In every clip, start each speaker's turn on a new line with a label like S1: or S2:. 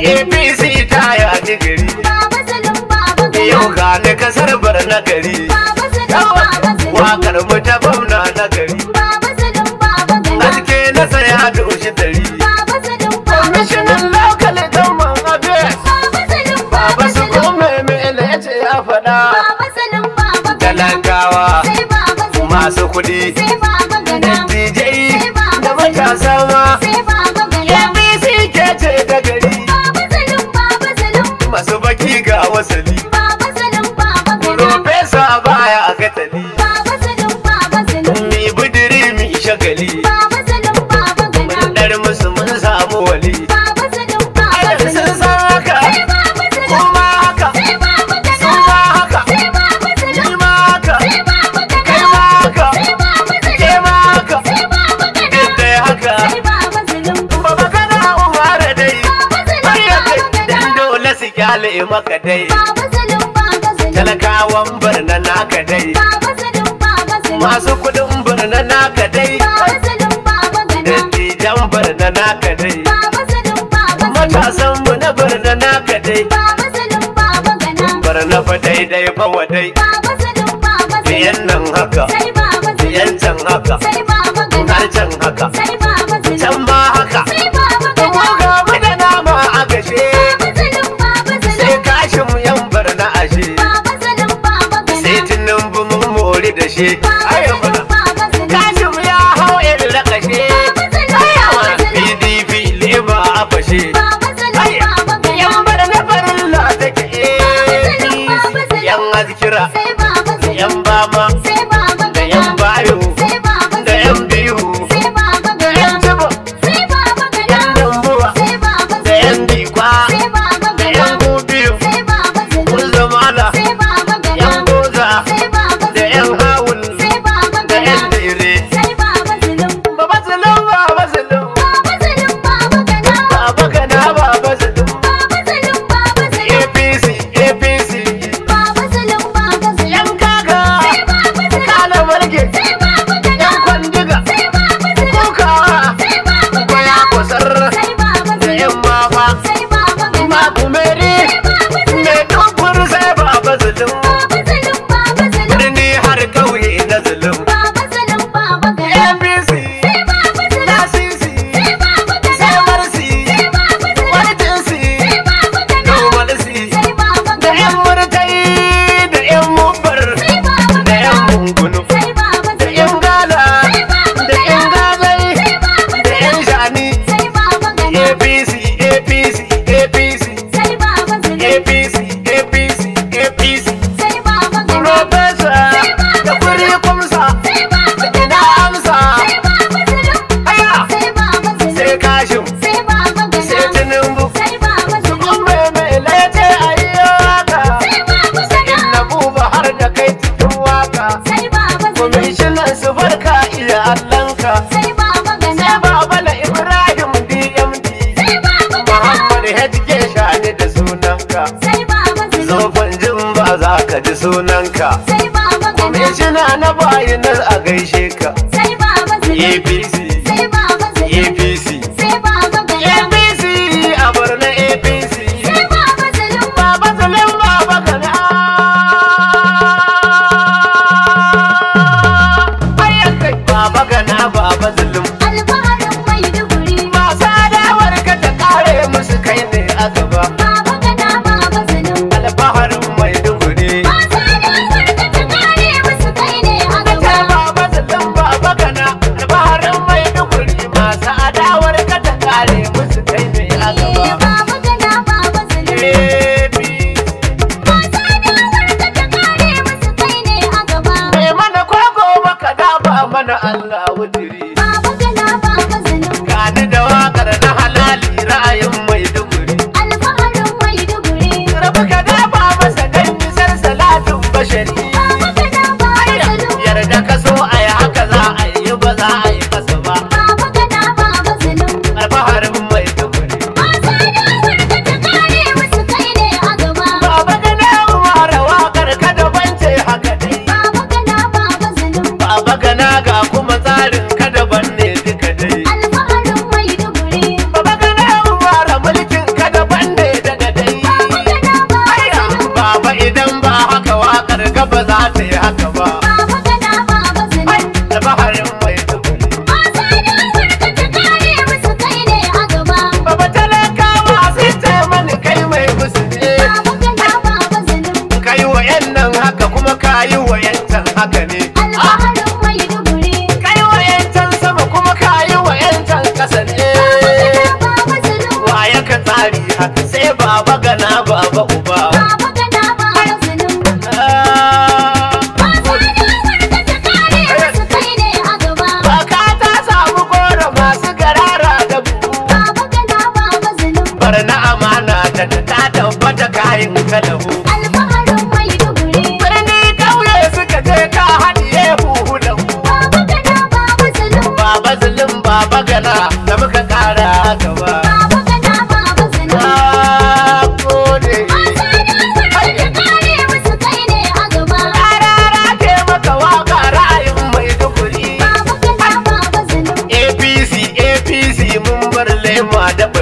S1: apc ta ya a digiri yau ga na kasar barna gari wakar mu ta bauna na gari aske na saya da ushi dari kwamishinan lokal gamman abe baba su kome mai ya ce ya faɗa talakawa masu kuɗi kyale maka dai talakawan birna naka dai masu kudin birna naka dai dattijan birni naka dai matasan mu na birna naka dai birna fa daidai fa wadai yan nan haka yan can haka har can haka da shi. Ai, girma da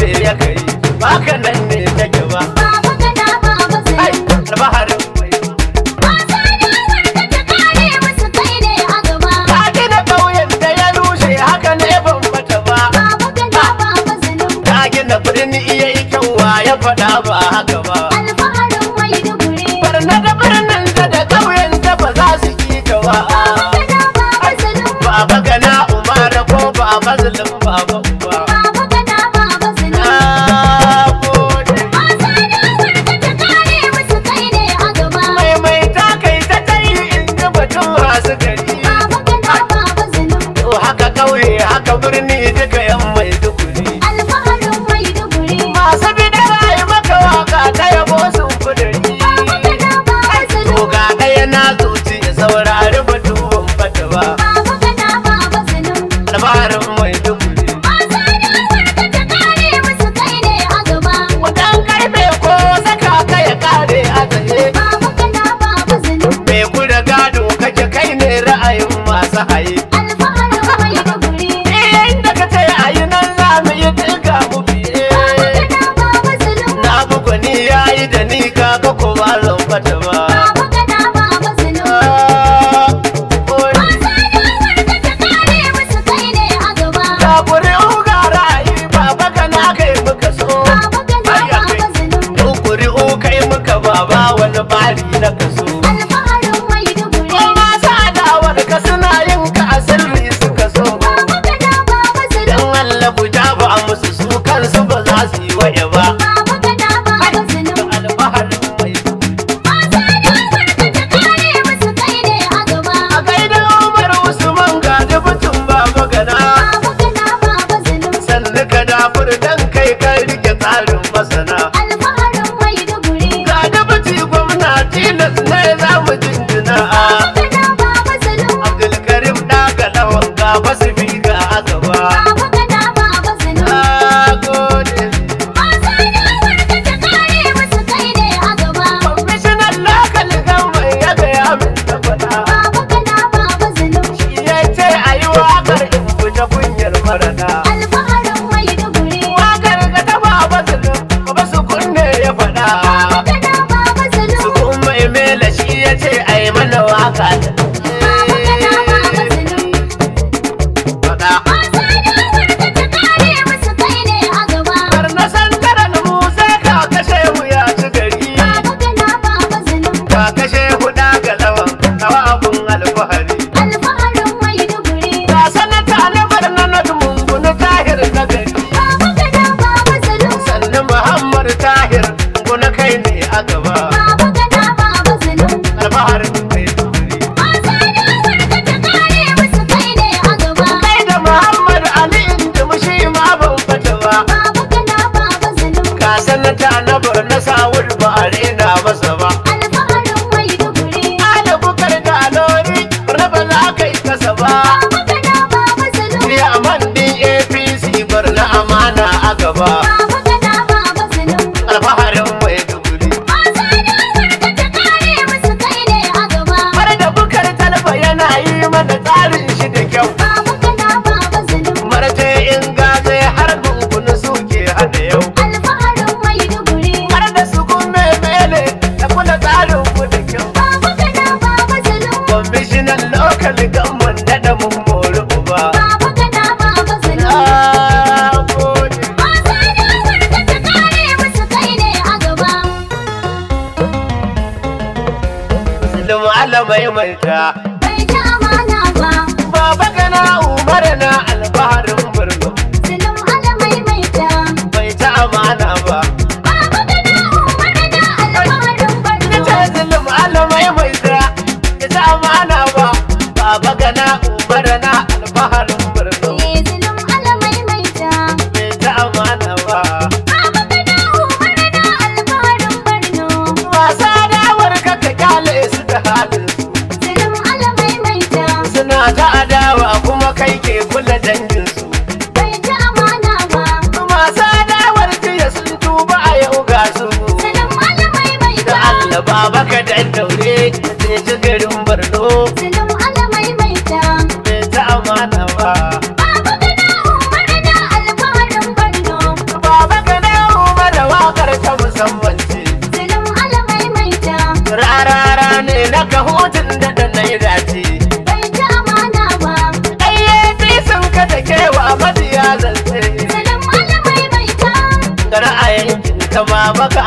S1: ce ya kai baka nan ra'ayin masu haye guda ba a musu su kansu ba za su yi waya ba ala ta bai ta amana ba baba gana umar na alfaharin birnin silim ala maita bai ta amana ba baka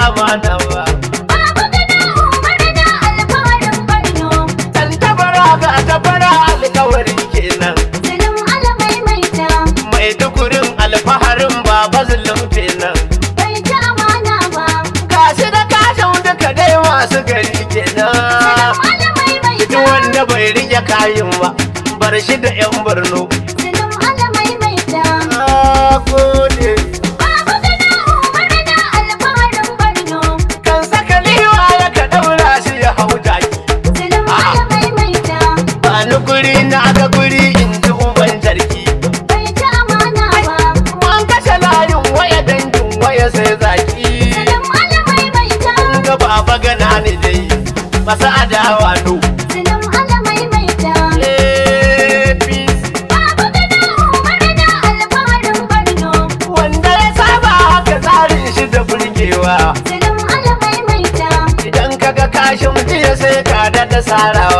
S1: amana ba. Babu gana umar na alkawarin barno. Tantabara ga tabara alkawari kenan. Zulum alamai mai Mai tukurin alfaharin baba zulum kenan. Bai ci na ba. Gashi da kashin duka dai masu gari kenan. Zulum alamai mai ta. wanda bai rike kayan ba. Bar shi da 'yan barno. masu adawa no. Sinin ala maimaita. Eh, APC. Babu gada umaru alfaharin Borno. Wanda ya saba haka tsarin shi da burgewa. Sinin ala maimaita. Idan kaga kashin jiya sai ka daɗa sarawa.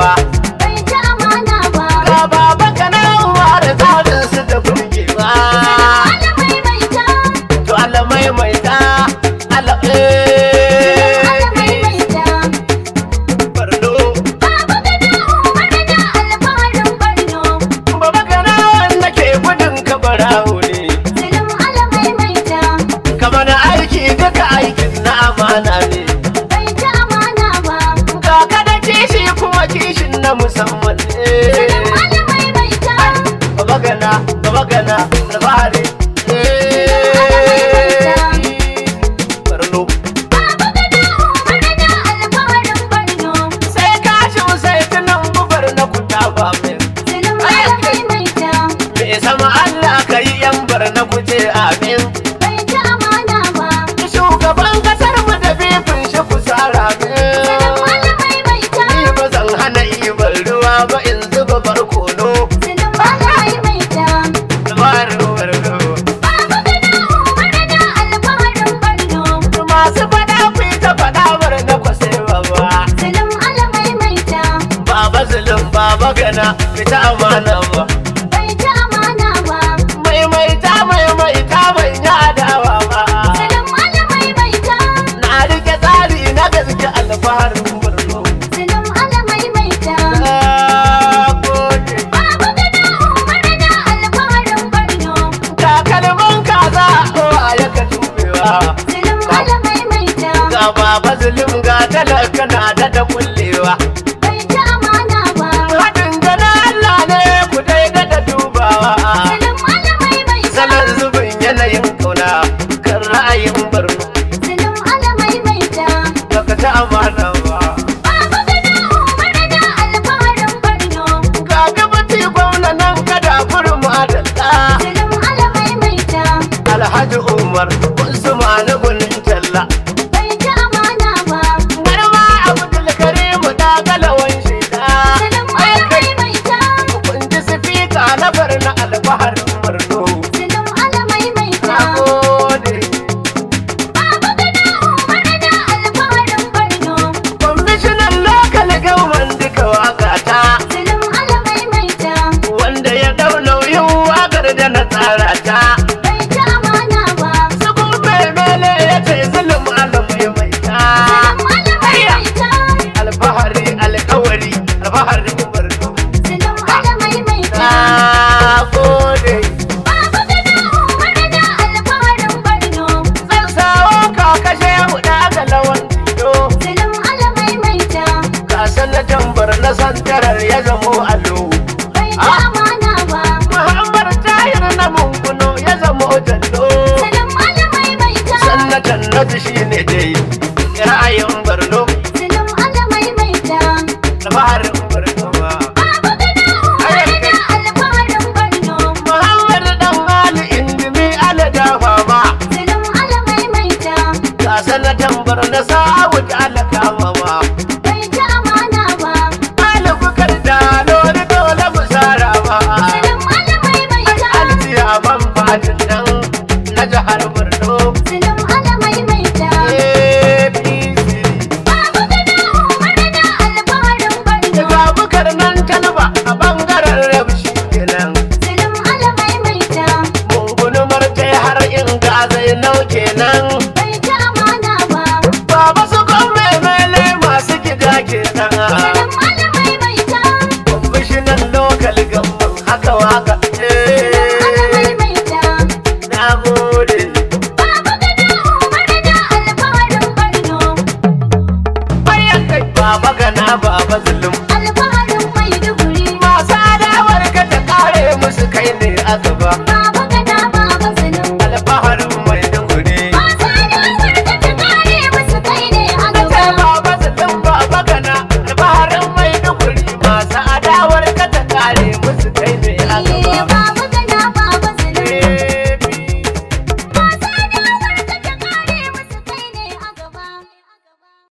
S1: baba gana fita amanan ba ya zamo allo ah. Muhammad tayin na mun kuno ya zamo jallo Sannan mai mai ta Sannan jallo shi